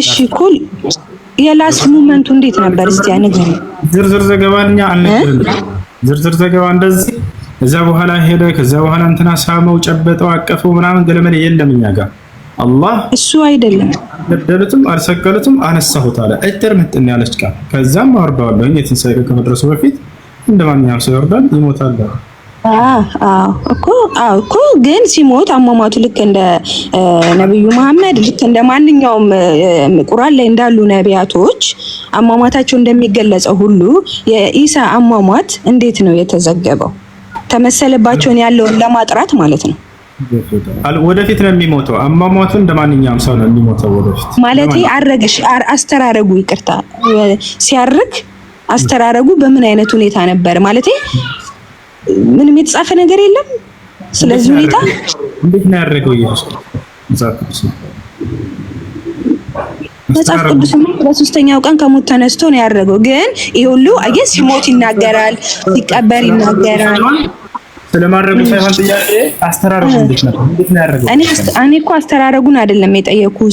እሺ ኩል የላስ ሙመንቱ እንዴት ነበር? እስቲ አንገኝ ዝርዝር ዘገባኛ አንገኝ ዝርዝር ዘገባ እንደዚህ እዛ በኋላ ሄደ። ከዛ በኋላ እንትና ሳመው፣ ጨበጠው፣ አቀፈው ምናምን ገለመለ የለም እኛ ጋር አላህ እሱ አይደለም ገደሉትም አልሰቀሉትም አነሳሁት አለ። እጥር ምጥን ያለች ቃል ከዛም አወርደዋለሁ የትንሣኤ ከመድረሱ በፊት እንደማንኛውም ሰው ይወርዳል ይሞታል። እኮ እኮ ግን ሲሞት አሟሟቱ ልክ እንደ ነቢዩ መሐመድ ልክ እንደ ማንኛውም ቁርአን ላይ እንዳሉ ነቢያቶች አሟሟታቸው እንደሚገለጸው ሁሉ የኢሳ አሟሟት እንዴት ነው የተዘገበው? ተመሰለባቸውን ያለውን ለማጥራት ማለት ነው። ወደፊት ነው የሚሞተው። አሟሟቱ እንደማንኛውም ሰው ነው የሚሞተው ወደፊት። ማለት አረግሽ አስተራረጉ ይቅርታ፣ ሲያርግ አስተራረጉ በምን አይነት ሁኔታ ነበር ማለት ምንም የተጻፈ ነገር የለም ስለዚህ ሁኔታ። እንዴት ነው ያደረገው ኢየሱስ? መጽሐፍ ቅዱስ በሶስተኛው ቀን ከሞት ተነስቶ ነው ያደረገው። ግን ይሄ ሁሉ አየህ፣ ሲሞት ይናገራል፣ ሲቀበር ይናገራል። ስለማድረጉ ሳይሆን ጥያቄ አስተራረጉ እንዴት ነው እንዴት ነው ያደረገው? እኔ እኔ እኮ አስተራረጉን አይደለም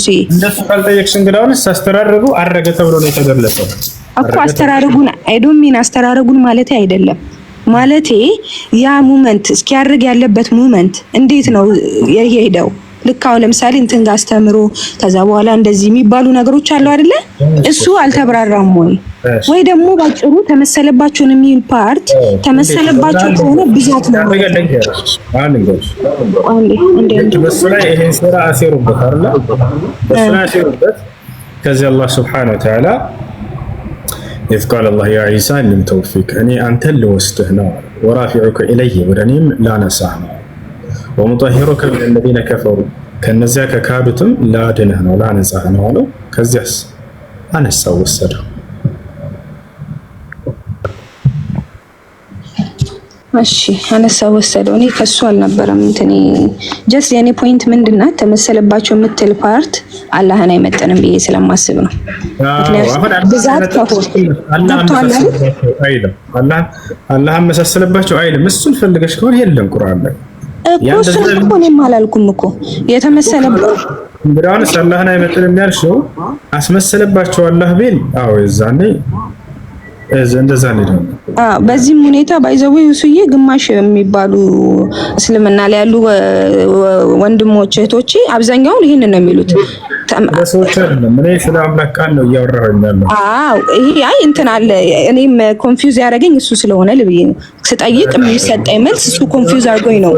ሲ እንደሱ ካልጠየቅሽ እንግዳውንስ አስተራረጉ አረገ ተብሎ ነው የተገለጸው እኮ አስተራረጉን አይዶሚን አስተራረጉን ማለት አይደለም ማለቴ ያ ሙመንት እስኪያርግ ያለበት ሙመንት እንዴት ነው የሄደው? ልክ አሁን ለምሳሌ እንትን ጋር አስተምሮ ከዛ በኋላ እንደዚህ የሚባሉ ነገሮች አሉ አይደለ? እሱ አልተብራራም ወይ ወይ ደግሞ ባጭሩ ተመሰለባቸውን የሚል ፓርት ተመሰለባቸው ከሆነ ብዛት ነው። በሱ ላይ ይሄን ስራ ከዚህ አላህ ስብሐነሁ ወተዓላ ኢዝ ቃለ አላህ ያ ዒሳ እልም ተውፊቅ እኔ አንተን ልወስድህ ነው፣ ወራፊዑከ ኢለይ ወደ እኔም ላነሳህ ነው፣ ወሙጠሂሩከ ሚነ ለዚነ ከፈሩ ከእነዚያ ከካዱትም ላድንህ ነው ላነጻህ ነው አለው። ከዚያስ አነሳው ወሰደው። እሺ አነሳ ወሰደው። እኔ ከሱ አልነበረም እንትኔ ጀስት የኔ ፖይንት ምንድናት ተመሰለባቸው የምትል ፓርት አላህን አይመጠንም ብዬ ስለማስብ ነው። ብዛት አላህን መሳሰለባቸው አይልም። እሱን ፈልገሽ ከሆነ የለም ቁርአን ላይ እኮ እሱን እኮ እኔም አላልኩም እኮ የተመሰለበት እንግዲያውንስ አላህን አይመጠንም ያልሽው አስመሰለባቸው አላህ ቢል አዎ የዛኔ እንደዛ ነው። በዚህም ሁኔታ ባይዘዊ ሱዬ ግማሽ የሚባሉ እስልምና ላይ ያሉ ወንድሞች እህቶች አብዛኛውን ይህንን ነው የሚሉት። ይሄ አይ እንትን አለ። እኔም ኮንፊውዝ ያደረገኝ እሱ ስለሆነ ልብዬ ነው ስጠይቅ የሚሰጠኝ መልስ እሱ ኮንፊውዝ አድርጎኝ ነው።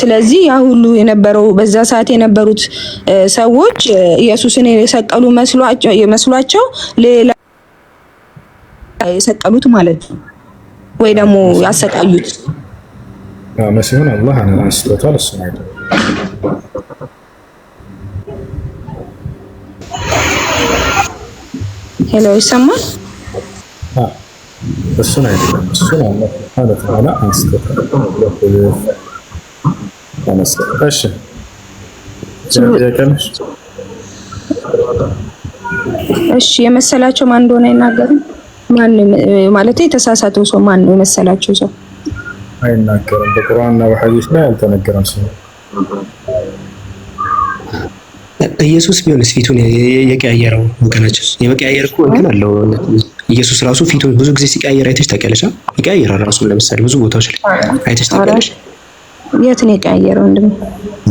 ስለዚህ ያ ሁሉ የነበረው በዛ ሰዓት የነበሩት ሰዎች ኢየሱስን የሰቀሉ መስሏቸው ሌላ የሰቀሉት ማለት ነው፣ ወይ ደግሞ ያሰቃዩት መሲሁን አላህ አንስቶታል። እሱ ሄሎ ይሰማል። እሱን አይደለም እሱን አላህ ስብሐነ ወተዓላ አንስቶታል። እሺ እሺ የመሰላቸው ማን እንደሆነ አይናገርም። ማን ማለት የተሳሳተው ሰው ማን ነው የመሰላቸው ሰው አይናገርም። በቁርአንና በሐዲስ ላይ አልተነገረም። ሰው ኢየሱስ ቢሆንስ ፊቱን የቀያየረው ወገናችን የመቀያየር እኮ እንትን አለው ኢየሱስ ራሱ ፊቱ ብዙ ጊዜ ሲቀያየር አይተሽ ታውቂያለሽ? ይቀያየራል ራሱ ለምሳሌ ብዙ ቦታዎች ላይ አይተሽ ታውቂያለሽ? የት ነው የቀያየረው? ወንድም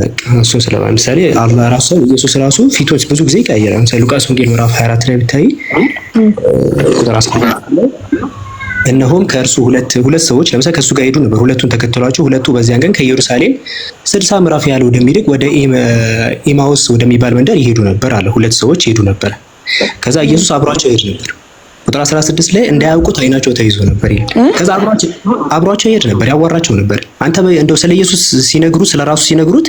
በቃ እሱ ስለ ለምሳሌ አላህ ራሱ ኢየሱስ ራሱ ፊቶች ብዙ ጊዜ ይቀያየራል። ለምሳሌ ሉቃስ ወንጌል ምዕራፍ 24 ላይ ብታይ ቁጥር እነሆም ከእርሱ ሁለት ሁለት ሰዎች ለምሳሌ ከእሱ ጋር ሄዱ ነበር። ሁለቱን ተከተሏቸው። ሁለቱ በዚያን ቀን ከኢየሩሳሌም ስልሳ ምዕራፍ ያህል ወደሚርቅ ወደ ኢማውስ ወደሚባል መንደር ይሄዱ ነበር አለ። ሁለት ሰዎች ይሄዱ ነበር። ከዛ ኢየሱስ አብሯቸው ይሄድ ነበር ቁጥር 16 ላይ እንዳያውቁት አይናቸው ተይዞ ነበር ይላል። ከዛ አብሯቸው ይሄድ ነበር፣ ያዋራቸው ነበር። አንተ እንደው ስለ ኢየሱስ ሲነግሩ ስለ ራሱ ሲነግሩት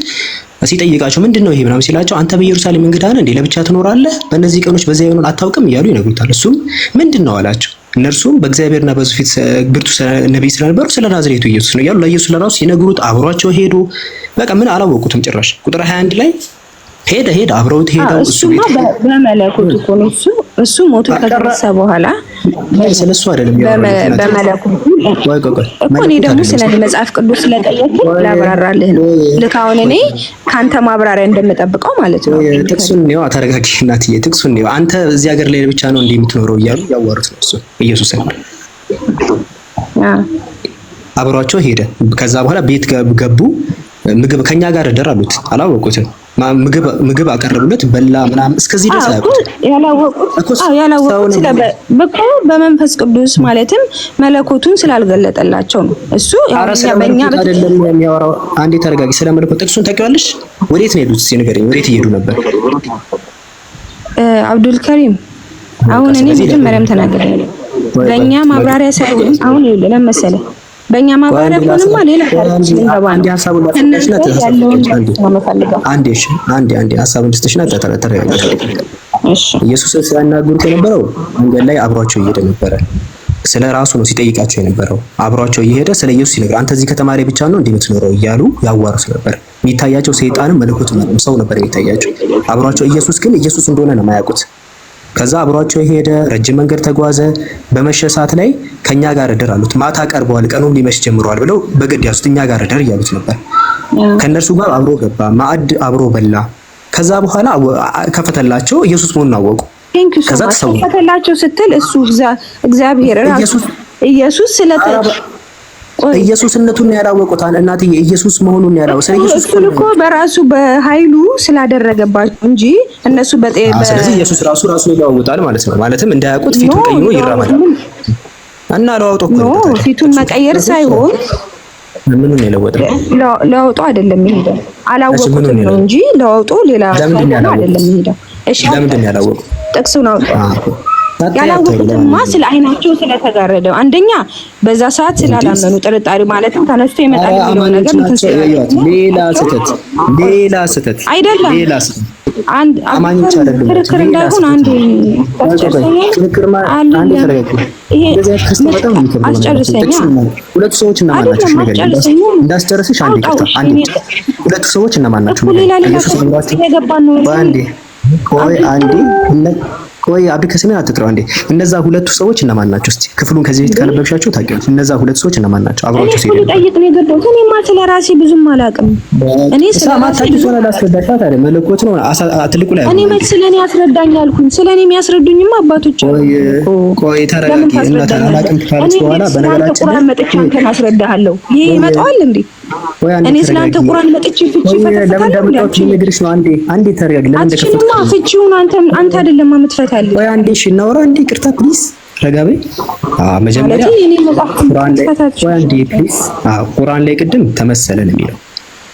ሲጠይቃቸው ምንድን ነው ይሄ ምናምን ሲላቸው አንተ በኢየሩሳሌም እንግዳ ነህ እንዴ? ለብቻ ትኖራለህ? በእነዚህ ቀኖች በዚያ ይሆናል አታውቅም እያሉ ይነግሩታል። እሱም ምንድን ነው አላቸው። እነርሱም በእግዚአብሔርና በሱ ፊት ብርቱ ነቢይ ስለነበሩ ስለ ናዝሬቱ ኢየሱስ ነው እያሉ ለኢየሱስ ለራሱ ሲነግሩት አብሯቸው ሄዱ። በቃ ምን አላወቁትም ጭራሽ ቁጥር 21 ላይ ሄደ ሄደ አብረውት ሄደው እሱ በመለኮት እኮ ነው። እሱ እሱ ሞቶ ከደረሰ በኋላ ስለሱ አይደለም በመለኮት እኮ። እኔ ደግሞ ስለ መጽሐፍ ቅዱስ ስለጠየቅ ላብራራልህ ነው። ልክ አሁን እኔ ከአንተ ማብራሪያ እንደምጠብቀው ማለት ነው። ጥቅሱን ነው ተረጋጊ፣ እናትዬ ጥቅሱን ነው። አንተ እዚህ ሀገር ላይ ብቻ ነው እንዲህ የምትኖረው እያሉ ያዋሩት ነው እሱ ኢየሱስን አብሯቸው ሄደ። ከዛ በኋላ ቤት ገቡ። ምግብ ከኛ ጋር እደር አሉት። አላወቁትም ምግብ አቀረቡለት፣ በላ ምናም እስከዚህ ድረስ ያላወቁት ያላወቁት በመንፈስ ቅዱስ ማለትም መለኮቱን ስላልገለጠላቸው ነው። እሱ በእኛ አይደለም የሚያወራው። አንዴ ተረጋጊ። ስለ መለኮት ጥቅሱን ታውቂዋለሽ? ወዴት ነው የሄዱት? እስኪ ንገሪኝ፣ ወዴት እየሄዱ ነበር? ከሪም አሁን እኔ መጀመሪያም ተናገረ፣ ለእኛ ማብራሪያ ሳይሆን አሁን ለምን መሰለህ በእኛ ማባሪያ ምንም ሌላ ሀሳብ ኢየሱስን ሲያናግሩት የነበረው መንገድ ላይ አብሯቸው እየሄደ ነበረ። ስለ ራሱ ነው ሲጠይቃቸው የነበረው። አብሯቸው እየሄደ ስለ ኢየሱስ ይነግር፣ አንተ እዚህ ከተማሪ ብቻ ነው እንዴ የምትኖረው እያሉ ያዋሩት ነበር። የሚታያቸው ሰይጣንም መለኮት ሰው ነበር የሚታያቸው። አብሯቸው ኢየሱስ ግን ኢየሱስ እንደሆነ ነው የማያውቁት። ከዛ አብሯቸው ሄደ፣ ረጅም መንገድ ተጓዘ። በመሸ ሰዓት ላይ ከኛ ጋር እደር አሉት። ማታ ቀርበዋል፣ ቀኑም ሊመሽ ጀምረዋል ብለው በግድ ያዙት። እኛ ጋር እደር እያሉት ነበር። ከእነርሱ ጋር አብሮ ገባ፣ ማዕድ አብሮ በላ። ከዛ በኋላ ከፈተላቸው፣ ኢየሱስ መሆኑን አወቁ። ከዛ ተሰው ከፈተላቸው ስትል እሱ እግዚአብሔር ኢየሱስ ስለተ ኢየሱስነቱን ያላወቁት እናትዬ ኢየሱስ መሆኑን ያላወቁት ስለ ኢየሱስ እኮ በራሱ በኃይሉ ስላደረገባቸው እንጂ እነሱ በጤ ስለዚህ ኢየሱስ ራሱ ራሱን ይለዋውጣል ማለት ነው። ማለትም እንዳያውቁት ፊቱን ቀይሮ ይራመዳል እና ለዋውጦ ነው። ፊቱን መቀየር ሳይሆን ምኑን የለወጠ ለውጦ አይደለም ይሄዳል። አላወቁት ነው እንጂ ለውጦ ሌላ አይደለም ይሄዳል። እሺ ለምንድን ነው ያላወቁት? ጥቅሱን አውጣ ያላወቁትማ ስለ አይናቸው ስለተጋረደው አንደኛ በዛ ሰዓት ስላላመኑ ጥርጣሬ ማለትም ተነስቶ ይመጣል የሚለው ነገር ሌላ ስህተት ሌላ ስህተት አይደለም። ሌላ አማኞች አይደለም። ክርክር እንዳይሆን አንዱ አስጨርሰኛ ሁለቱ ሰዎች እነማን ናቸው? ነገር እንዳስጨርስሽ አንድ ይቅርታ፣ አንድ ሁለቱ ሰዎች እነማን ናቸው? ሌላ ሌላ ገባን ነው። አንዴ ቆይ አንዴ ወይ አብዱ ከሰሜን አትጥራው እንዴ! እነዛ ሁለቱ ሰዎች እነማን ናቸው? እስቲ ክፍሉን ከዚህ ቤት ካነበብሻቸው ታውቂያለሽ። እነዛ ሁለቱ ሰዎች እነማን ናቸው? አብራቸው ሲሄዱ ጠይቅ ነው የገባሁት። እኔማ ስለ ራሴ ብዙም አላውቅም። እኔ ስለ ራሴ ሆነ ላስረዳሽ ታዲያ መለኮት ነው ትልቁ ላይ እኔ መች ስለ እኔ አስረዳኝ አልኩኝ። ስለ እኔ የሚያስረዱኝማ አባቶች። ቆይ ተረጋጊ። እና አላውቅም ካልሽ በኋላ በነገራችን ቁርአን መጥቼ እንትን አስረዳሃለሁ። ይሄ ይመጣዋል እንዴ? እኔ ስለ አንተ ቁርአን መጥቼ ፍቺ ፈተፈታ ለምን ደምጣዎች ንግርሽ ነው። አንዴ አንዴ ተረጋጊ። ለምን ደከፈት? ፍቺውን አንተ አንተ አይደለም አምጥፈት ትችልበታለህ ወይ? አንዴ እሺ፣ እናውራ አንዴ። ይቅርታ ፕሊዝ ረጋቤ መጀመሪያ ቁርአን ላይ አንዴ ፕሊስ ቁርአን ላይ ቅድም ተመሰለን የሚለው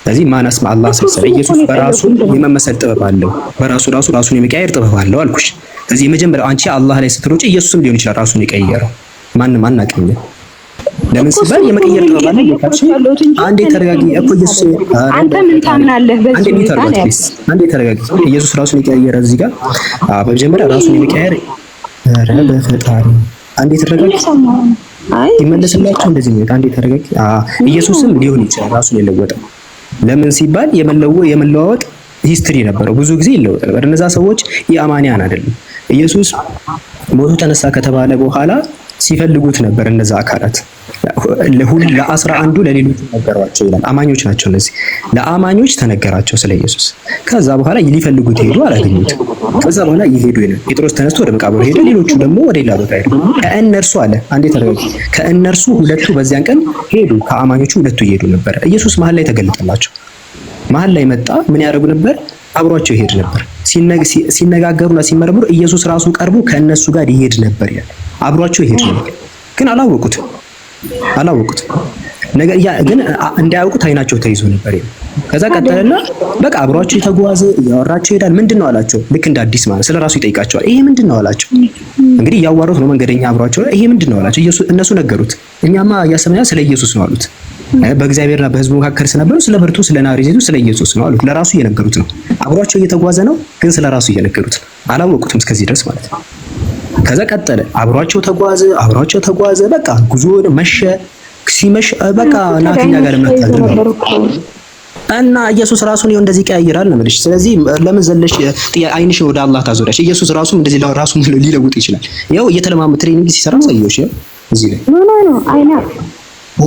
ስለዚህ ማናስ አላህ ሰብሰበ ኢየሱስ በራሱ የመመሰል ጥበብ አለው። በራሱ ራሱ ራሱን የሚቀያየር ጥበብ አለው አልኩሽ። ስለዚህ የመጀመሪያው አንቺ አላህ ላይ ስትሮጪ ኢየሱስም ሊሆን ይችላል ራሱን የቀየረው ማንም አናውቅም። ለምን ሲባል የመቀየር ጥበብ አለ። አንዴ ተረጋጊ እኮ ኢየሱስ አንተ ምን ታምናለህ? በዚህ አንዴ ተረጋጊ። ኢየሱስ ራሱን የቀያየረ እዚህ ጋር በመጀመሪያ ራሱን የመቀያየር ኧረ በፈጣሪ አንዴ ተረጋጊ። ይመለስላቸው እንደዚህ ነው። አንዴ ተረጋጊ። ኢየሱስም ሊሆን ይችላል ራሱን የለወጠው ለምን ሲባል የመለወ የመለዋወጥ ሂስትሪ ነበረው። ብዙ ጊዜ ይለወጣል። በእነዛ ሰዎች የአማንያን አይደለም። ኢየሱስ ሞቱ ተነሳ ከተባለ በኋላ ሲፈልጉት ነበር። እነዛ አካላት ለአስራ አንዱ ለሌሎች ነገሯቸው ይላል። አማኞች ናቸው እነዚህ። ለአማኞች ተነገራቸው ስለ ኢየሱስ። ከዛ በኋላ ሊፈልጉት ሄዱ፣ አላገኙት። ከዛ በኋላ ይሄዱ ይላል። ጴጥሮስ ተነስቶ ወደ መቃብሩ ሄደ፣ ሌሎቹ ደግሞ ወደ ሌላ ቦታ ሄዱ። ከእነርሱ አለ አንዴ ተረጋግ። ከእነርሱ ሁለቱ በዚያን ቀን ሄዱ፣ ከአማኞቹ ሁለቱ እየሄዱ ነበር። ኢየሱስ መሀል ላይ ተገለጠላቸው። መሀል ላይ መጣ። ምን ያደርጉ ነበር? አብሯቸው ይሄድ ነበር። ሲነጋገሩና ሲመረምሩ ኢየሱስ ራሱ ቀርቦ ከእነሱ ጋር ይሄድ ነበር። ያ አብሯቸው ይሄድ ነበር፣ ግን አላወቁት አላወቁት ነገር ያ ግን እንዳያውቁት አይናቸው ተይዞ ነበር። ከዛ ቀጠለና በቃ አብሯቸው የተጓዘ እያወራቸው ይሄዳል። ምንድን ነው አላቸው። ልክ እንደ አዲስ ማለት ስለ ራሱ ይጠይቃቸዋል። ይሄ ምንድን ነው አላቸው። እንግዲህ እያዋሩት ነው መንገደኛ አብሯቸው። ይሄ ምንድን ነው አላቸው። እነሱ ነገሩት። እኛማ እያሰብን ስለ ኢየሱስ ነው አሉት። በእግዚአብሔርና በህዝቡ መካከል ስለነበሩ ስለ ምርቱ፣ ስለ ናዝሬቱ ስለ ኢየሱስ ነው አሉት። ለራሱ እየነገሩት ነው። አብሯቸው እየተጓዘ ነው፣ ግን ስለ ራሱ እየነገሩት አላወቁትም፣ እስከዚህ ድረስ ማለት ነው። ከዛ ቀጠለ። አብሯቸው ተጓዘ፣ አብሯቸው ተጓዘ። በቃ ጉዞ መሸ። ሲመሽ በቃ ናትኛ ጋር ነው እና ኢየሱስ ራሱን ይኸው እንደዚህ ቀያይራል ነው የምልሽ። ስለዚህ ለምን ዘለሽ አይንሽ ወደ አላህ ታዞሪያለሽ? ኢየሱስ ራሱ እንደዚህ ራሱ ሊለውጥ ይችላል። ይኸው እየተለማመ ትሬኒንግ ሲሰራ ሳይሆን እዚህ ላይ ኖ ኖ ኖ ኦ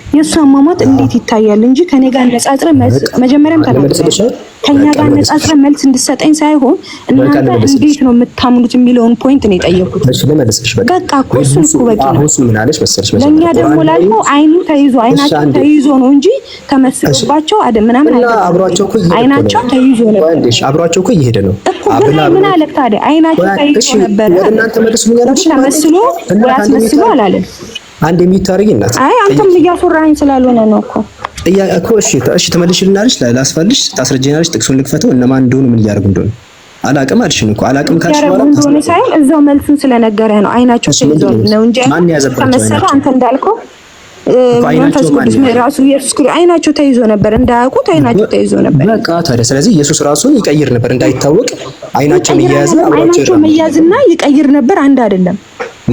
የእሱ አሟሟት እንዴት ይታያል እንጂ ከኔ ጋር ነጻጽረ መጀመሪያም ተናግረሽ ከኛ ጋር ነጻጽረ መልስ እንድሰጠኝ ሳይሆን እናንተ እንዴት ነው የምታምኑት የሚለውን ፖይንት ነው የጠየኩት። በቃ እኮ እሱን እኮ በቂ ነው። ለእኛ ደግሞ ላልከው አይኑ ተይዞ አይናቸው ተይዞ ነው እንጂ ተመስሎባቸው ምናምን አይናቸው ተይዞ ነበር። አብሯቸው እኮ እየሄደ ነው ምን አለ ታዲያ? አይናቸው ተይዞ ነበረ ተመስሎ ወይ አስመስሎ አላለም። አንድ የሚታረግ እናት አይ አንተም እያስወራኸኝ ስላልሆነ ነው እኮ እያ እኮ እሺ እሺ ትመልሽልናለሽ፣ ላስፋልሽ፣ ታስረጀናለሽ፣ ጥቅሱን ልክፈተው እነማን እንደሆኑ ምን እያደረጉ እንደሆነ አላቅም አልሽኝ እኮ አላቅም ካልሽ በኋላ እንደሆነ ሳይሆን እዛው መልሱን ስለነገረ ነው። አይናቸው ነው እንጂ ማን ያዘባቸው አንተ እንዳልከው መንፈስ ቅዱስ ራሱ ኢየሱስ አይናቸው ተይዞ ነበር፣ እንዳያውቁት አይናቸው ተይዞ ነበር። በቃ ታዲያ ስለዚህ ኢየሱስ ራሱን ይቀይር ነበር እንዳይታወቅ፣ አይናቸውን መያዝ አይናቸው መያዝና ይቀይር ነበር አንድ አይደለም።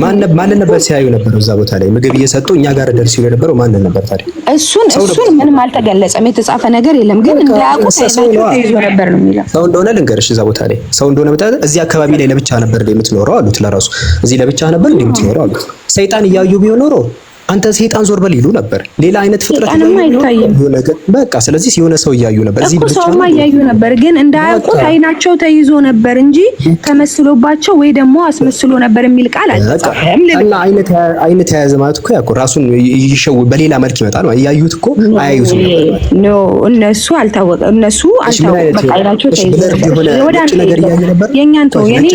ማን ነበር ሲያዩ ነበረው እዛ ቦታ ላይ ምግብ እየሰጡ እኛ ጋር ደርስ ሲሉ የነበረው ማን ነበር ታዲያ? እሱን እሱን ምንም አልተገለጸም፣ የተጻፈ ነገር የለም። ግን እንዳያውቁት ተይዞ ነበር ነው የሚለው። ሰው እንደሆነ ልንገርሽ፣ እዛ ቦታ ላይ ሰው እንደሆነ ብታይ እዚህ አካባቢ ላይ ለብቻ ነበር የምትኖረው አሉት። ለራሱ እዚህ ለብቻ ነበር የምትኖረው አሉት። ሰይጣን እያዩ ቢሆን ኖሮ አንተ ሰይጣን ዞር በል ይሉ ነበር። ሌላ አይነት ፍጥረት በቃ ስለዚህ የሆነ ሰው እያዩ ነበር እዚህ እኮ ሰውማ እያዩ ነበር፣ ግን እንዳያውቁት አይናቸው ተይዞ ነበር እንጂ ተመስሎባቸው ወይ ደግሞ አስመስሎ ነበር የሚል ቃል አለ እና አይነ ተያያዘ ማለት እኮ ያው ራሱን ይሸው በሌላ መልክ ይመጣል ማለት እያዩት እኮ አያዩት ኖ እነሱ አልታወቀ እነሱ አልታወቀ በቃ አይናቸው ተይዞ ነበር። የኛን ተው የኔ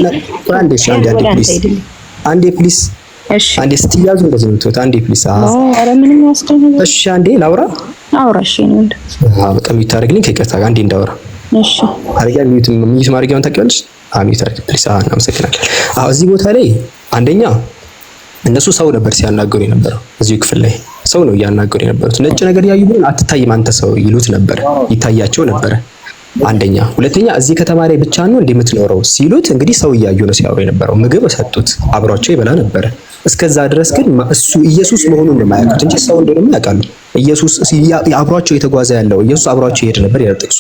አንዴ ፕሊስ አንዴ ስትያዙ እንደዚህ ነው የምትወጣ። አንዴ ፕሊስ። አዎ አረ ምንም ያስደነግጥ። እሺ አንዴ ላውራ አውራ። እሺ ነው እንደ አዎ፣ በቃ ሚዩት አድርግልኝ ከይቅርታ ጋር አንዴ እንዳውራ። እሺ አርጋ ሚዩት ሚዩት ማድረጊያውን ታውቂዋለሽ? አዎ፣ ሚዩት አድርጊ ፕሊስ። አዎ፣ እናመሰግናለን። አዎ፣ እዚህ ቦታ ላይ አንደኛ እነሱ ሰው ነበር ሲያናገሩ የነበረው። እዚሁ ክፍል ላይ ሰው ነው እያናገሩ የነበሩት። ነጭ ነገር ያዩ ብለን አትታይም አንተ ሰው ይሉት ነበር፣ ይታያቸው ነበር አንደኛ ሁለተኛ፣ እዚህ ከተማ ላይ ብቻ ነው እንደምትኖረው ሲሉት፣ እንግዲህ ሰው እያዩ ነው ሲያወሩ የነበረው። ምግብ ሰጡት፣ አብሯቸው ይበላ ነበረ። እስከዛ ድረስ ግን እሱ ኢየሱስ መሆኑን ነው የማያውቁት እንጂ ሰው እንደሆነ ያውቃሉ። ኢየሱስ አብሯቸው የተጓዘ ያለው ኢየሱስ አብሯቸው ይሄድ ነበር ይላል ጥቅሱ።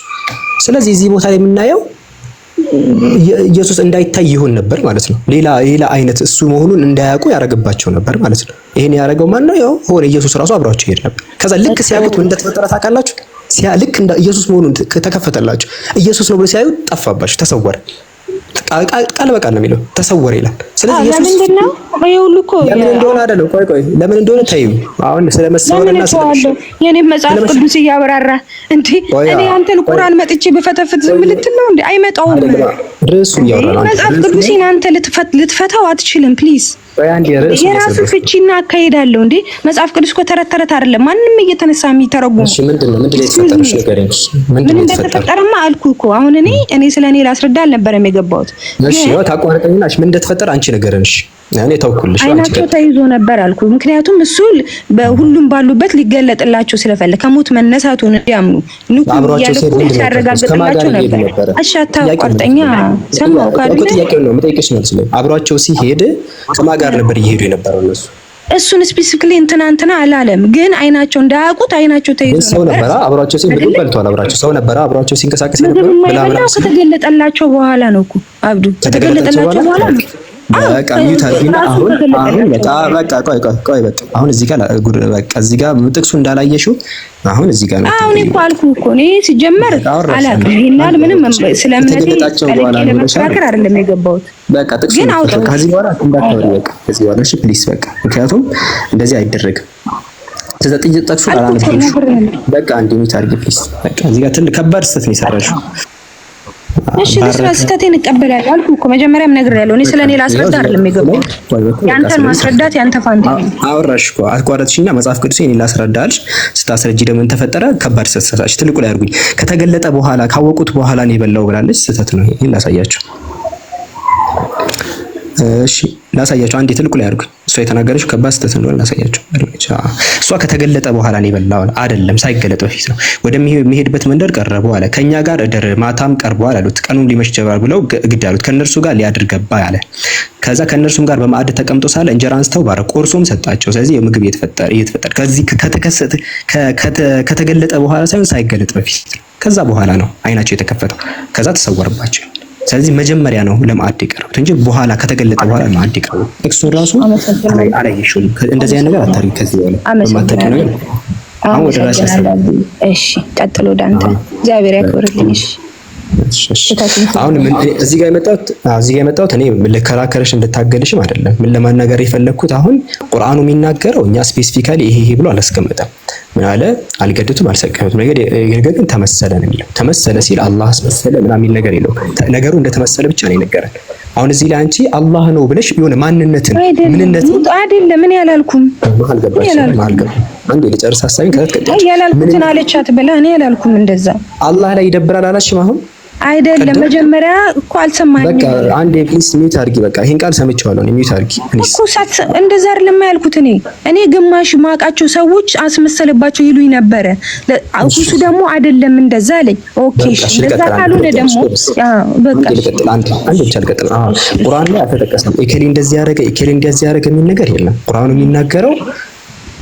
ስለዚህ እዚህ ቦታ ላይ የምናየው ኢየሱስ እንዳይታይ ይሆን ነበር ማለት ነው። ሌላ ሌላ አይነት እሱ መሆኑን እንዳያውቁ ያደረግባቸው ነበር ማለት ነው። ይሄን ያደረገው ማን ነው? ያው ሆነ ኢየሱስ ራሱ አብሯቸው ይሄድ ነበር። ከዛ ልክ ሲያዩት እንደተፈጠረ ታውቃላችሁ ልክ እንደ ኢየሱስ መሆኑን ተከፈተላችሁ። ኢየሱስ ነው ብሎ ሲያዩ ጠፋባችሁ፣ ተሰወረ። ቃል በቃል ነው የሚለው ተሰወረ ይላል። ስለዚህ ኢየሱስ ለምን እንደሆነ አይደለም። ቆይ ቆይ ለምን እንደሆነ ታዩ። አሁን ስለመሰወርና ስለመሸሽ የኔ መጽሐፍ ቅዱስ እያብራራ እንዴ እኔ አንተን ቁርአን መጥቼ በፈተፍት ዝም ልትል ነው እንዴ? አይመጣውም። ርሱ እያወራ ነው መጽሐፍ ቅዱስን አንተ ልትፈታው አትችልም። ፕሊዝ የራሱ ፍቺና አካሄድ አለው እንዴ! መጽሐፍ ቅዱስ እኮ ተረት ተረት አይደለም። ማንም እየተነሳ የሚተረጉም ምን እንደተፈጠረማ አልኩ እኮ አሁን እኔ እኔ ስለ እኔ ላስረዳ አልነበረም የገባሁት። ታቋርጠኝና ምን እንደተፈጠረ አንቺ ነገር ንገረን። እኔ ተውኩልሽ። አይናቸው ተይዞ ነበር አልኩ። ምክንያቱም እሱ በሁሉም ባሉበት ሊገለጥላቸው ስለፈለ ከሞት መነሳቱን እንዲያምኑ ንቁ ያለኩኝ ሲያረጋግጥላቸው አብሯቸው ሲሄድ ከማን ጋር ነበር እየሄዱ የነበረው እነሱ? እሱን ስፔሲፊክሊ እንትና እንትና አላለም፣ ግን አይናቸው እንዳያውቁት አይናቸው ተይዞ ሰው ነበረ አብሯቸው ሲል ምግብ በልተዋል። አብሯቸው ሰው ነበር አብሯቸው ሲንቀሳቀስ ነበር። ከተገለጠላቸው በኋላ ነው እኮ አብዱ ከተገለጠላቸው በኋላ ነው በቃ ሚዩት አድርጊና አሁን አሁን በቃ በቃ ቆይ ቆይ ቆይ በቃ አሁን እዚህ ጋር ጉድ በቃ እዚህ ጋር ጥቅሱ እንዳላየሽው አሁን እዚህ ጋር ነው። አሁን እኮ አልኩህ እኮ እኔ ሲጀመር አላውቅም። ይሄን ያህል ምንም ስለ እምነቴ ለመከራከር አይደለም የገባሁት። በቃ ጥቅሱ ከዚህ በኋላ እንዳታወሪ በቃ ከዚህ በኋላ እሺ ፕሊስ በቃ ምክንያቱም እንደዚህ አይደረግም። ስለዚህ ጥቅሱ አላነሳሽም። በቃ አንዴ ሚዩት አድርጊ ፕሊስ። በቃ እዚህ ጋር ትልቅ ከባድ ስህተት ነው የሰራሽው። እሺ ልስራ። ስህተቴን እቀበላለሁ አልኩ እኮ መጀመሪያም ነግሬያለሁ። እኔ ስለ እኔ ላስረዳ አይደለም የገባሁት፣ ያንተን ማስረዳት ያንተ ፋንታ አወራሽ እኮ አቋረጥሽና መጽሐፍ ቅዱስ እኔ ላስረዳ አልሽ። ስታስረጂ ደግሞ ተፈጠረ? ከባድ ስህተት ሰርታች ትልቁ ላይ አድርጉኝ። ከተገለጠ በኋላ ካወቁት በኋላ ነው የበላው ብላለች። ስህተት ነው። ይሄን ላሳያቸው እሺ ላሳያቸው። አንድ ትልቁ ላይ አድርጉኝ። እሷ የተናገረችው ከባድ ስህተት እንደሆነ ላሳያቸው። እሷ ከተገለጠ በኋላ ነው የበላው፣ አይደለም ሳይገለጥ በፊት ነው። ወደሚሄድበት መንደር ቀረቡ አለ። ከኛ ጋር እደር፣ ማታም ቀርበዋል አሉት። ቀኑም ሊመሽ ጀመረ ብለው ግድ አሉት። ከእነርሱ ጋር ሊያድር ገባ አለ። ከዛ ከእነርሱም ጋር በማዕድ ተቀምጦ ሳለ እንጀራ አንስተው ባረ፣ ቆርሶም ሰጣቸው። ስለዚህ የምግብ እየተፈጠረ እየተፈጠረ ከዚህ ከተገለጠ በኋላ ሳይሆን ሳይገለጥ በፊት ከዛ በኋላ ነው አይናቸው የተከፈተው። ከዛ ተሰወረባቸው። ስለዚህ መጀመሪያ ነው ለማዕድ የቀረቡት እንጂ በኋላ ከተገለጠ በኋላ ለማዕድ የቀረቡ እሱን ራሱ አላየሽውም። እንደዚህ አይነት ነገር አታሪ ከዚህ በኋላ በማታውቂው ነው። አሁን ወደ ራስ ያሰባል። እሺ፣ ቀጥሎ ዳንተ እግዚአብሔር ያክብርልኝ። እሺ አሁን እዚህ ጋር የመጣሁት እዚህ ጋር የመጣሁት እኔ ልከራከርሽ እንድታገልሽም አይደለም። ምን ለማናገር የፈለግኩት አሁን ቁርአኑ የሚናገረው እኛ ስፔሲፊካሊ ይሄ ይሄ ብሎ አላስቀመጠም። ምን አለ አልገደቱም አልሰቀሉትም ነገር ግን ተመሰለ ነው የሚለው ተመሰለ ሲል አላህ አስመሰለ ምናምን ነገር የለውም ነገሩ እንደተመሰለ ብቻ ነው የነገረን አሁን እዚህ ላይ አንቺ አላህ ነው ብለሽ የሆነ ማንነትን ምንነትን አይደለም ምን ያላልኩም አንዴ ልጨርስ ሀሳቤን ከዛ ትቀጥያለሽ ያላልኩትን አለቻት ብላ እኔ ያላልኩም እንደዛ አላህ ላይ ይደብራል አላልሽም አሁን አይደለም መጀመሪያ እኮ አልሰማኝም። በቃ አንዴ ፕሊስ ሚውት አድርጊ። በቃ ይሄን ቃል ሰምቼዋለሁ። ሚውት አድርጊ ፕሊስ። እኮ ሳት እንደዛ አይደለም ያልኩት እኔ እኔ ግማሽ ማውቃቸው ሰዎች አስመሰለባቸው ይሉኝ ነበረ። እሱ ደግሞ አይደለም እንደዛ አለኝ። ኦኬ እሺ፣ እንደዛ ካልሆነ ደግሞ በቃ ልቀጥል። አንዴ ብቻ ልቀጥል። ቁርአን ላይ አልተጠቀሰም ኤከሌ እንደዚህ ያደረገ ኤከሌ እንደዚህ ያደረገ የሚል ነገር የለም። ቁርአኑ የሚናገረው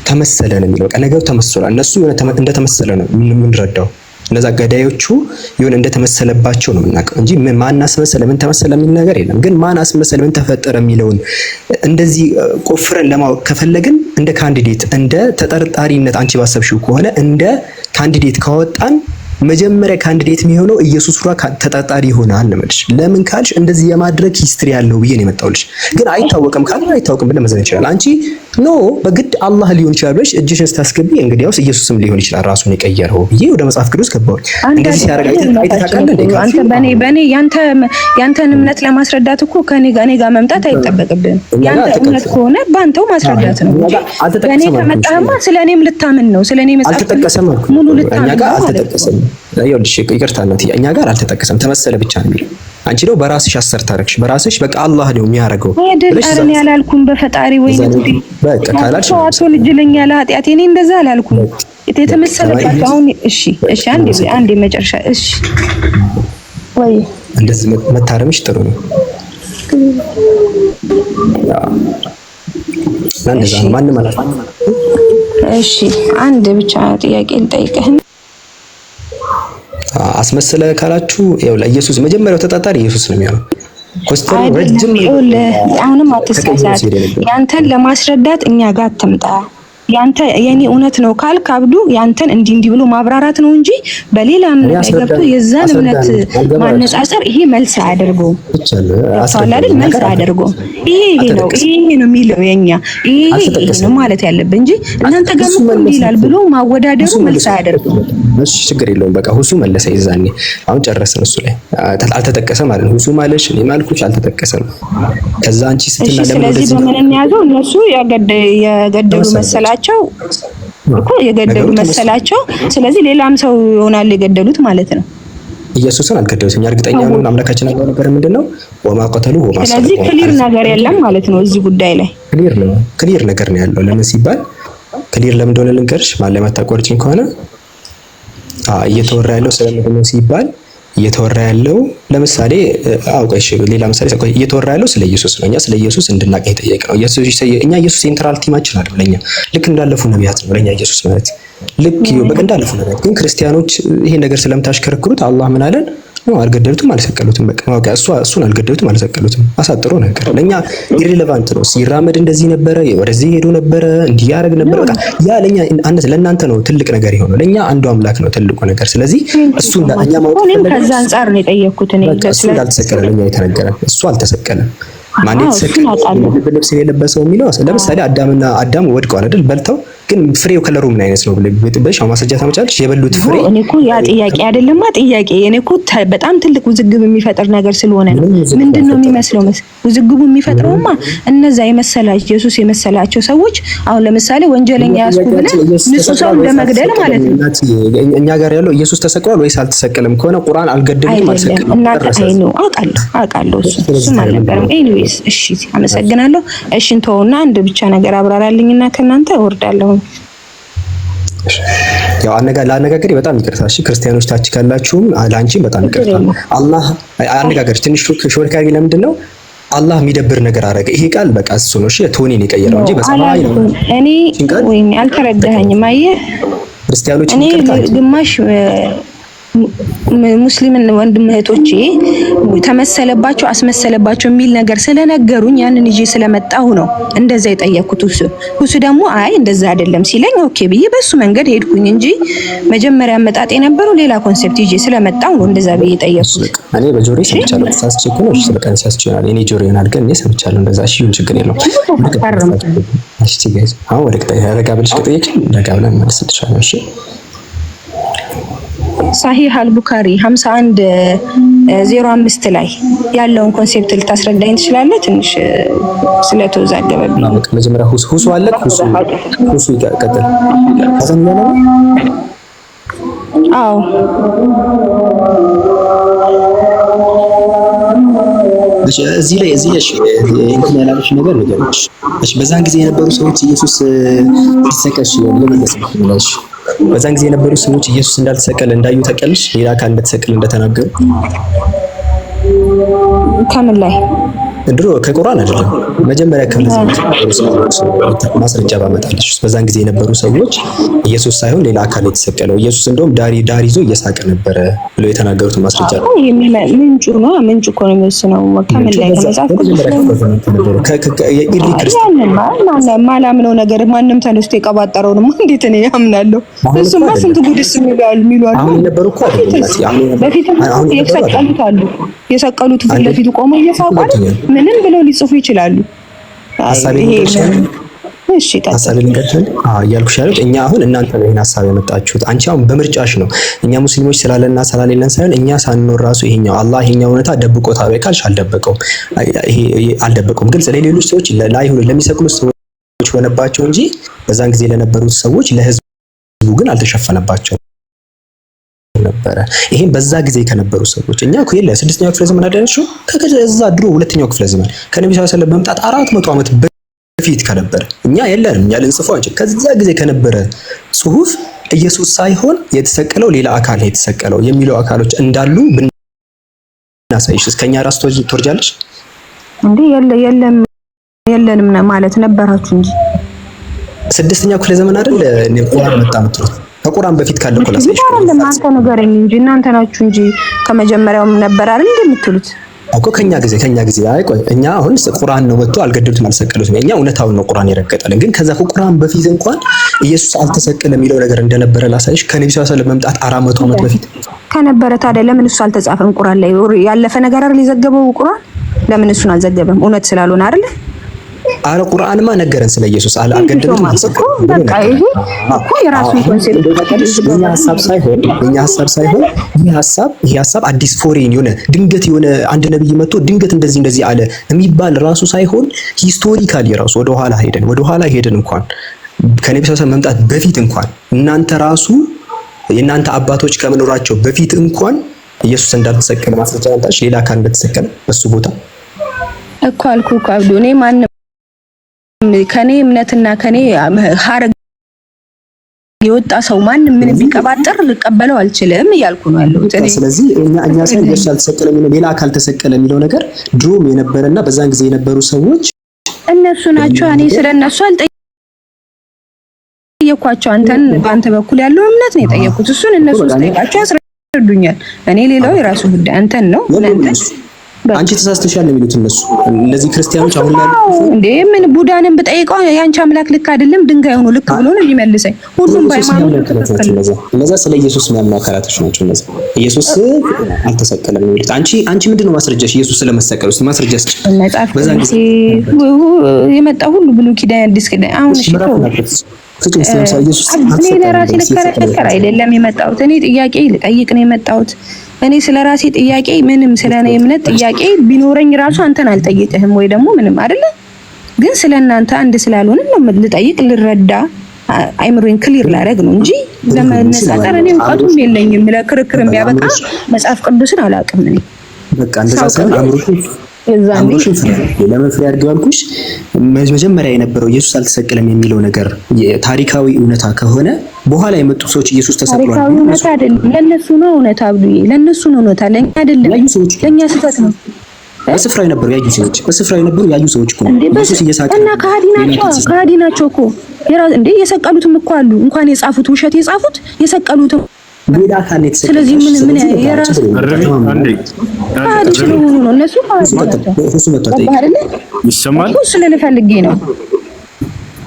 ተመሰለ ነው የሚለው። በቃ ነገሩ ተመስሏል። እነሱ የሆነ እንደተመሰለ ነው የምንረዳው እነዛ ገዳዮቹ ይሁን እንደተመሰለባቸው ነው የምናውቀው እንጂ ማን አስመሰለ ምን ተመሰለ የሚል ነገር የለም። ግን ማን አስመሰለ ምን ተፈጠረ የሚለውን እንደዚህ ቆፍረን ለማወቅ ከፈለግን እንደ ካንዲዴት እንደ ተጠርጣሪነት አንቺ ባሰብሽው ከሆነ እንደ ካንዲዴት ካወጣን መጀመሪያ ካንዲዴት የሚሆነው ኢየሱስ ራ ተጠርጣሪ ይሆናል። ልምልሽ ለምን ካልሽ እንደዚህ የማድረግ ሂስትሪ ያለው ብዬ ነው የመጣሁልሽ። ግን አይታወቅም ካለ አይታወቅም ብለህ መዘን ይችላል። አንቺ ኖ በግድ አላህ ሊሆን ይችላል ብለሽ እጅሽን ስታስገቢ እንግዲያውስ ኢየሱስም ሊሆን ይችላል ራሱን የቀየረው ብዬ ወደ መጽሐፍ ቅዱስ ገባሁኝ። እንደዚህ ሲያደርግ ያንተን እምነት ለማስረዳት እኮ ከኔ ጋር መምጣት አይጠበቅብን። ያንተ እምነት ከሆነ በአንተው ማስረዳት ነው። ከኔ ከመጣህማ ስለኔም ልታምን ነው። ስለኔ መጽሐፍ ሙሉ ልታምን ነው። ይኸውልሽ ይቅርታ እናት እኛ ጋር አልተጠቀሰም፣ ተመሰለ ብቻ ነው የሚለው። አንቺ ደግሞ በራስሽ አሰር ታረክሽ፣ በራስሽ በቃ አላህ ነው የሚያደርገው። እኔ ያላልኩም በፈጣሪ ወይ በቃ ካላልሽ አቶ ልጅ ለኛ ለኃጢአት እኔ እንደዛ አላልኩም። የተመሰለባቸው አሁን እሺ፣ እሺ፣ አንዴ አንዴ መጨረሻ እሺ፣ ወይ እንደዚህ መታረምሽ ጥሩ ነው። ማንም አላልኩም። እሺ፣ አንድ ብቻ ጥያቄ ልጠይቅህ። አስመሰለ ካላችሁ ያው ለኢየሱስ መጀመሪያው ተጣጣሪ ኢየሱስ ነው የሚሆነው። ኮስተር ረጅም አሁንም አትሳሳት። ያንተን ለማስረዳት እኛ ጋር አትምጣ። ያንተ የኔ እውነት ነው ካልክ አብዱ ያንተን እንዲህ እንዲህ ብሎ ማብራራት ነው እንጂ በሌላ ገብቶ የዛን እምነት ማነጻጸር ይሄ መልስ አያደርገውም። አይደል መልስ አያደርገውም። ይሄ ይሄ ነው ይሄ ነው የሚለው የኛ ይሄ ይሄ ነው ማለት ያለብን እንጂ እናንተ ጋር ምን ይላል ብሎ ማወዳደሩ መልስ አያደርገውም። እሺ ችግር የለውም በቃ ሁሱ መለሰ። ይዛኔ አሁን ጨረስን። እሱ ላይ አልተጠቀሰም ማለት ነው። ሁሱ ማለሽ እኔ ማልኩሽ አልተጠቀሰም። ከዛ አንቺ ስትና ለምን ስለዚህ በምን እንያዘው እነሱ የገደሉ መሰላቸው መሰላቸው እኮ የገደሉ መሰላቸው። ስለዚህ ሌላም ሰው ይሆናል የገደሉት ማለት ነው። ኢየሱስን አልገደሉት። እኛ እርግጠኛ ነን። አምላካችን ያለው ነገር ምንድን ነው? ወማ ቀተሉ ወማ ሰለቡ። ስለዚህ ክሊር ነገር የለም ማለት ነው። እዚህ ጉዳይ ላይ ክሊር ነው፣ ክሊር ነገር ነው ያለው። ለምን ሲባል ክሊር ለምን እንደሆነ ልንገርሽ፣ ማለማታቆርጭኝ ከሆነ እየተወራ ያለው ስለምንድን ነው ሲባል እየተወራ ያለው ለምሳሌ አውቀሽ ሌላ ምሳሌ እየተወራ ያለው ስለ ኢየሱስ ነው። እኛ ስለ ኢየሱስ እንድናቀ የጠየቅ ነው። እኛ ኢየሱስ ሴንትራል ቲማችን አይደለም። ለኛ ልክ እንዳለፉ ነቢያት ነው ለኛ ኢየሱስ ማለት ልክ በቃ እንዳለፉ ነቢያት። ግን ክርስቲያኖች ይሄን ነገር ስለምታሽከረክሩት አላህ ምን አለን? ነው አልገደሉትም፣ አልሰቀሉትም። በቃ ማወቅ እሱን አልገደሉትም፣ አልሰቀሉትም። አሳጥሮ ነገር ለኛ ኢሪሌቫንት ነው። ሲራመድ እንደዚህ ነበረ፣ ወደዚህ ሄዶ ነበረ፣ እንዲያደርግ ነበር። በቃ ያ ለኛ አንተ ለእናንተ ነው ትልቅ ነገር የሆነው። ለኛ አንዱ አምላክ ነው ትልቁ ነገር። ስለዚህ እሱ እኛ ማወቅ ከዛ አንጻር ነው የጠየኩት እኔ። እሱ እንዳልተሰቀለ ለኛ የተነገረ እሱ አልተሰቀለም። ማን የተሰቀለ ልብስ የለበሰው የሚለው ለምሳሌ አዳምና አዳም ወድቀዋል አይደል በልተው ግን ፍሬው ከለሩ ምን አይነት ነው ብለህ ብጥበሽ ያው ማስረጃ ታመጫለሽ። የበሉት ፍሬ እኔ እኮ ያ ጥያቄ አይደለማ ጥያቄ እኔ እኮ በጣም ትልቅ ውዝግብ የሚፈጥር ነገር ስለሆነ ነው። ምንድን ነው የሚመስለው ውዝግቡ የሚፈጥረውማ እነዛ የመሰላ ኢየሱስ የመሰላቸው ሰዎች አሁን ለምሳሌ ወንጀለኛ ያዝኩ ብለህ ንጹህ ሰው ለመግደል ማለት ነው። እኛ ጋር ያለው ኢየሱስ ተሰቅሏል ወይስ አልተሰቀለም ከሆነ ቁርአን አልገደልም አልሰቀለም እና ጣይ ነው አውቃለሁ አውቃለሁ እሱም አልነበረም። ኤኒዌይስ እሺ አመሰግናለሁ። እሺ እንተውና አንድ ብቻ ነገር አብራራልኝና ከእናንተ እወርዳለሁ። ያው ለአነጋገር በጣም ይቅርታ እሺ። ክርስቲያኖች ታች ካላችሁም ለአንቺም በጣም ይቅርታ። አላህ አነጋገር ትንሽ ሾርክ ያደረገኝ ለምንድን ነው? አላህ የሚደብር ነገር አረገ። ይሄ ቃል በቃ እሱ ነው። እሺ ቶኒን የቀየረው እንጂ በሰማይ ነው። እኔ ወይኔ አልተረዳኸኝም። አየህ ክርስቲያኖች ይቅርታ ግማሽ ሙስሊም ወንድም እህቶቼ ተመሰለባቸው አስመሰለባቸው የሚል ነገር ስለነገሩኝ ያንን ይዤ ስለመጣሁ ነው እንደዛ የጠየኩት። እሱ እሱ ደግሞ አይ እንደዛ አይደለም ሲለኝ ኦኬ ብዬ በሱ መንገድ ሄድኩኝ እንጂ መጀመሪያ አመጣጥ የነበረው ሌላ ኮንሴፕት ይዤ ስለመጣሁ ነው እንደዛ ብዬ የጠየኩት። እኔ በጆሮ ሰምቻለሁ። ተሳስቼ እኮ ነው። እሺ በቃ ተሳስቼ ይሆናል። እኔ ጆሮ ይሆናል፣ እኔ ሰምቻለሁ እንደዛ። እሺ ይሁን፣ ችግር የለውም። እሺ ጋይዝ፣ አሁን ወደ ቀጣይ ረጋ ብለሽ ከጠየቅሽ ረጋ ብለን መልስ ትችላለሽ። ሳሂህ አልቡካሪ 51 05 ላይ ያለውን ኮንሴፕት ልታስረዳኝ ትችላለህ? ትንሽ ስለተወዛገበብኝ መጀመሪያ ሁሱ አለ ሁሱ ይቀጥል። አዎ እዚህ ላይ እዚህ እሺ እንትን ያላለች ነገር ነገር እሺ፣ በዛን ጊዜ የነበሩ ሰዎች ኢየሱስ ሲሰቀሽ ለምን በዛን ጊዜ የነበሩ ሰዎች ኢየሱስ እንዳልተሰቀለ እንዳዩ ተቀልሽ ሌላ አካል እንደተሰቀለ እንደተናገሩ ከምን ላይ ድሮ ከቁርአን አይደለም መጀመሪያ ክፍለ ዘመን ማስረጃ ባመጣለች በዛን ጊዜ የነበሩ ሰዎች ኢየሱስ ሳይሆን ሌላ አካል የተሰቀለው ኢየሱስ እንደውም ዳሪ ዳሪ ይዞ እየሳቀ ነበረ ብሎ የተናገሩት ማስረጃ ነው። ምንጩ ነው ምንጩ እኮ ነው የሚወስነው። ከምን ላይ ማላምነው ነገር ማንም ተነስቶ የቀባጠረውን እንዴት እኔ ያምናለሁ? እሱማ ስንት ጉድስ የሚሏል። በፊትም የሰቀሉት አሉ የሰቀሉት ፊት ለፊቱ ቆሞ እየሳቋል ምንም ብለው ሊጽፉ ይችላሉ። ሀሳብ ልንቀጥል እያልኩሽ ያሉት እኛ አሁን እናንተ ነው ይህን ሀሳብ ያመጣችሁት። አንቺ አሁን በምርጫሽ ነው። እኛ ሙስሊሞች ስላለና ስላሌለን ሳይሆን እኛ ሳንኖር ራሱ ይሄኛው አላህ ይሄኛው እውነታ ደብቆታል ወይ ካልሽ አልደበቀውም፣ አልደበቀውም። ግልጽ ለሌሎች ሰዎች ለአይሁድ ለሚሰቅሉት ሰዎች ሆነባቸው እንጂ በዛን ጊዜ ለነበሩት ሰዎች ለህዝቡ ግን አልተሸፈነባቸው ነበረ። ይሄም በዛ ጊዜ ከነበሩ ሰዎች እኛ እኮ የለ ስድስተኛው ክፍለ ዘመን አደረሽው ከዛ ድሮ ሁለተኛው ክፍለ ዘመን ከነቢ ሰለላሁ ዐለይሂ ወሰለም መምጣት አራት መቶ ዓመት በፊት ከነበረ እኛ የለንም እኛ ልንጽፈው አንችል። ከዛ ጊዜ ከነበረ ጽሁፍ ኢየሱስ ሳይሆን የተሰቀለው ሌላ አካል የተሰቀለው የሚለው አካሎች እንዳሉ ብናሳይሽ እስከኛ ራስ ትወርጃለሽ እንዴ? የለ የለም የለንም ማለት ነበራችሁ እንጂ ስድስተኛው ክፍለ ዘመን አይደል? ቁርአን መጣ ምትሉት ከቁራን በፊት ካለ እኮ ለማንተ ንገረኝ እንጂ እናንተ ናችሁ እንጂ ከመጀመሪያውም ነበር አይደል እንደምትሉት እኮ ከኛ ጊዜ ከኛ ጊዜ። አይ ቆይ እኛ አሁን ቁርአን ነው መጥቶ አልገደሉትም አልሰቀሉትም። እኛ እውነታውን ነው ቁርአን የረገጠልን። ግን ከዛ ከቁርአን በፊት እንኳን ኢየሱስ አልተሰቀለ የሚለው ነገር እንደነበረ ላሳይሽ። ከነብዩ ሰለላሁ ዐለይሂ ወሰለም መምጣት አራት መቶ ዓመት በፊት ከነበረ ታዲያ ለምን እሱ አልተጻፈም? ቁርአን ላይ ያለፈ ነገር አይደል የዘገበው ቁርአን? ለምን እሱን አልዘገበም? እውነት ስላልሆነ አይደል አለ ቁርአንማ ነገረን ስለ ኢየሱስ አለ ማሰቆ በቃ ይሄ እኮ የራሱ ኮንሴፕት ነው። ሀሳብ ሳይሆን የኛ ሀሳብ ሳይሆን ይሄ ሀሳብ ይሄ ሀሳብ አዲስ ፎሬን የሆነ ድንገት የሆነ አንድ ነብይ መጥቶ ድንገት እንደዚህ እንደዚህ አለ የሚባል ራሱ ሳይሆን ሂስቶሪካሊ ራሱ ወደ ኋላ ሄደን ወደ ኋላ ሄደን እንኳን ከነብይ ሰለላሁ መምጣት በፊት እንኳን እናንተ ራሱ የእናንተ አባቶች ከመኖራቸው በፊት እንኳን ኢየሱስ እንዳልተሰቀለ ማስረጃ ሌላ አካል እንደተሰቀለ በሱ ቦታ እኮ አልኩ እኮ አብዱ እኔ ማን ከኔ እምነትና ከኔ ሀረግ የወጣ ሰው ማንም ምን ቢቀባጥር ልቀበለው አልችልም እያልኩ ነው ያለሁት። ስለዚህ እኛ እኛ ኢየሱስ አልተሰቀለም የሚለው ሌላ አካል ተሰቀለ የሚለው ነገር ድሮም የነበረና በዛን ጊዜ የነበሩ ሰዎች እነሱ ናቸው። እኔ ስለ እነሱ አልጠየኳቸው። አንተን በአንተ በኩል ያለው እምነት ነው የጠየኩት። እሱን እነሱ ስጠይቃቸው ያስረዱኛል። እኔ ሌላው የራሱ ጉዳይ አንተን ነው አንቺ ተሳስተሻል ነው የሚሉት እነሱ። እነዚህ ክርስቲያኖች አሁን ላይ እንዴ ምን ቡዳንን ብጠይቀው የአንቺ አምላክ ልክ አይደለም ድንጋይ ሆኖ ልክ ብሎ ነው የሚመልሰኝ። ሁሉም በሃይማኖት እነዛ ስለ ኢየሱስ የሚያምኑ አካላቶች ናቸው። እነዛ ኢየሱስ አልተሰቀለም የሚሉት አንቺ አንቺ ምንድን ነው ማስረጃሽ? ኢየሱስ ስለመሰቀሉ ውስጥ ማስረጃ ስጭ። የመጣ ሁሉ ብሉይ ኪዳን አዲስ ኪዳን አሁን እሺ እኔ ለራሴ ልከራከር አይደለም የመጣሁት። እኔ ጥያቄ ልጠይቅ ነው የመጣሁት እኔ ስለ ራሴ ጥያቄ ምንም ስለ እኔ እምነት ጥያቄ ቢኖረኝ ራሱ አንተን አልጠይቅህም ወይ ደግሞ ምንም አይደለ። ግን ስለ እናንተ አንድ ስላልሆን ነው ልጠይቅ፣ ልረዳ፣ አይምሮን ክሊር ላደርግ ነው እንጂ ለመነጻጸር እኔ እውቀቱም የለኝም። ለክርክር የሚያበቃ መጽሐፍ ቅዱስን አላውቅም እኔ በቃ ለምን ፍሬ አድርገው አልኩሽ። መጀመሪያ የነበረው ኢየሱስ አልተሰቀለም የሚለው ነገር ታሪካዊ እውነታ ከሆነ በኋላ የመጡ ሰዎች ኢየሱስ ተሰቅሏል። ታሪካዊ እውነታ አይደለም፣ ለነሱ ነው እውነታ። አብዱዬ፣ ለነሱ ነው እውነታ፣ ለኛ አይደለም። ለኛ ስህተት ነው። በስፍራው የነበሩ ያዩ ሰዎች በስፍራው የነበሩ ያዩ ሰዎች እኮ ኢየሱስ እየሳቀ እና ከሃዲ ናቸው፣ ከሃዲ ናቸው እኮ እንዴ። የሰቀሉትም እኮ አሉ፣ እንኳን የጻፉት ውሸት የጻፉት የሰቀሉትም ሌላ አካል ስለዚህ ምን ምን የራሱ ነው እነሱ ይሰማል ስለልፈልጌ ነው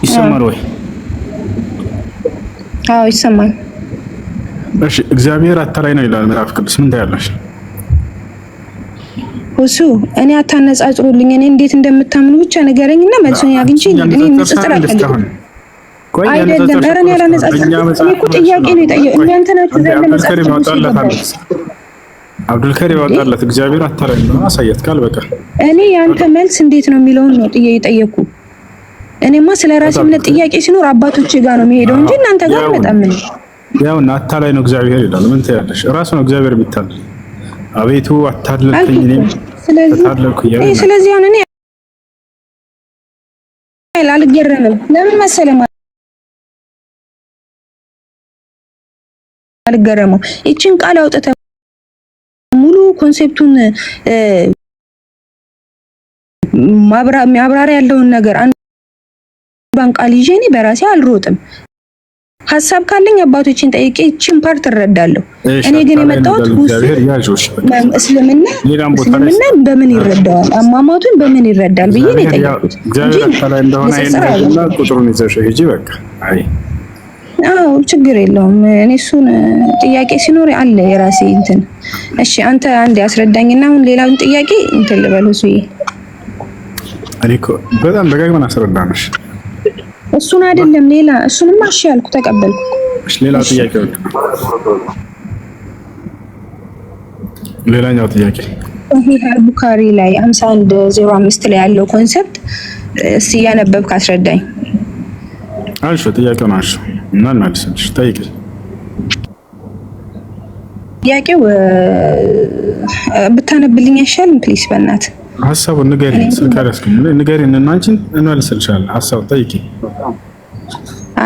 ይሰማል ወይ አዎ ይሰማል እሺ እግዚአብሔር አታላይ ነው ይላል መጽሐፍ ቅዱስ ምን ታያለሽ እሱ እኔ አታነጻጽሩልኝ እኔ እንዴት እንደምታምኑ ብቻ ንገረኝና መልሶኝ አግኝቼ እኔ ንጽጽር አልፈልግም አይደለም ኧረ እኔ አላነጻጽም። እኮ ጥያቄ ነው የጠየቀው። እናንተ ናችሁ ዘለ መጻፍ አብዱልከሪም አወጣላት። እግዚአብሔር አታላይ ነው አሳያት ቃል በቃ እኔ ያንተ መልስ እንዴት ነው የሚለውን ነው ጥያቄ የጠየኩ። እኔማ ስለ ራሴ እምነት ጥያቄ ሲኖር አባቶቼ ጋር ነው የሚሄደው እንጂ እናንተ ጋር በጣም ያው እና አታላይ ነው እግዚአብሔር ይላል። ምን ትያለሽ? ራሱ ነው እግዚአብሔር ቢታል አቤቱ አታለልኝ። እኔ ስለዚህ ስለዚህ አሁን እኔ አልገረምም። ለምን መሰለህ አልገረመው ይችን ቃል አውጥተ ሙሉ ኮንሴፕቱን ማብራ ማብራሪያ ያለውን ነገር አንዷን ቃል ይዤ እኔ በራሴ አልሮጥም። ሀሳብ ካለኝ አባቶችን ጠይቄ ይችን ፓርት እረዳለሁ። እኔ ግን የመጣሁት እስልምና እስልምና በምን ይረዳዋል፣ አሟሟቱን በምን ይረዳል ብዬ ነው የጠየቁት እንጂ አዎ ችግር የለውም። እኔ እሱን ጥያቄ ሲኖር አለ የራሴ እንትን። እሺ አንተ አንድ አስረዳኝና አሁን ሌላውን ጥያቄ እንትን ልበል። እሱዬ እኔ እኮ በጣም ደጋግመን አስረዳነሽ። እሱን አይደለም ሌላ እሱንማ እሺ አልኩ ተቀበልኩ። እሺ ሌላው ጥያቄ ሌላኛው ጥያቄ ሶሂህ አልቡካሪ ላይ 5105 ላይ ያለው ኮንሰፕት እስቲ እያነበብክ አስረዳኝ። አልሽ ጥያቄውን አልሽ እና እናልሰልሽ ጠይቂ። ጥያቄው ብታነብልኝ አይሻልም? ፕሊስ በእናት ሀሳቡ ንገሪን፣ ስልክ አልያዝኩም። ንገሪን እና አንቺን እንመልስልሻለን። ሀሳቡ ጠይቂ።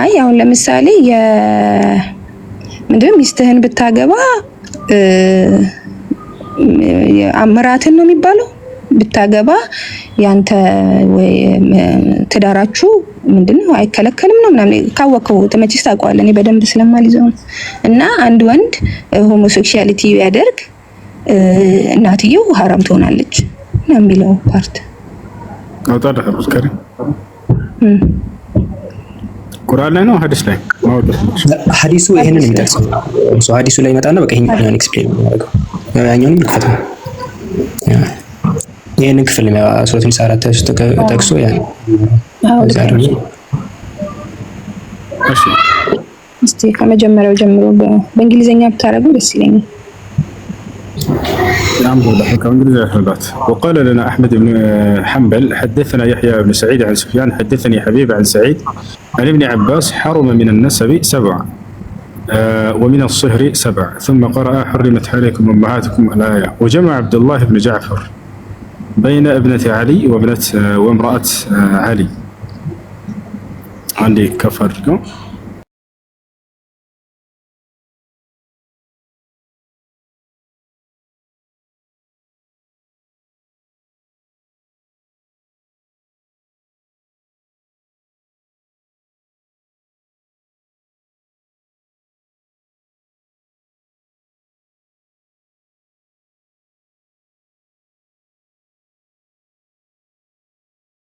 አይ አሁን ለምሳሌ ምንድን ሚስትህን ብታገባ አምራትን ነው የሚባለው ብታገባ ያንተ ትዳራችሁ ምንድነው አይከለከልም ነው ምናምን ካወቀው ተመችስ ታውቀዋለህ። እኔ በደንብ ስለማልይዘው እና አንድ ወንድ ሆሞሴክሹአሊቲ ያደርግ እናትየው ሀራም ትሆናለች ነው የሚለው ፓርት ቁርአን ላይ ነው ሐዲስ ላይ ሐዲሱ ይሄንን የሚጠቅሰው ሐዲሱ ላይ ይመጣና በቃ ይሄኛውን ኤክስፕሌን ያደርገው ያኛውንም ልክፈት ነው ይህንን ክፍል ሶስት ስልሳ አራት ውስጥ ጠቅሶ ያ እስቲ ከመጀመሪያው ጀምሮ በእንግሊዝኛ ብታረጉ ደስ ይለኛል። نعم ضحك انجليزي وقال لنا احمد بن حنبل حدثنا يحيى بن سعيد عن سفيان حدثني حبيب عن سعيد عن ابن عباس حرم من النسب سبعه آه، ومن الصهر سبع ثم قرأ حرمت عليكم أمهاتكم الآية وجمع عبد الله بن جعفر بين ابنة علي وابنة آه، وامرأة آه، علي عندي كفر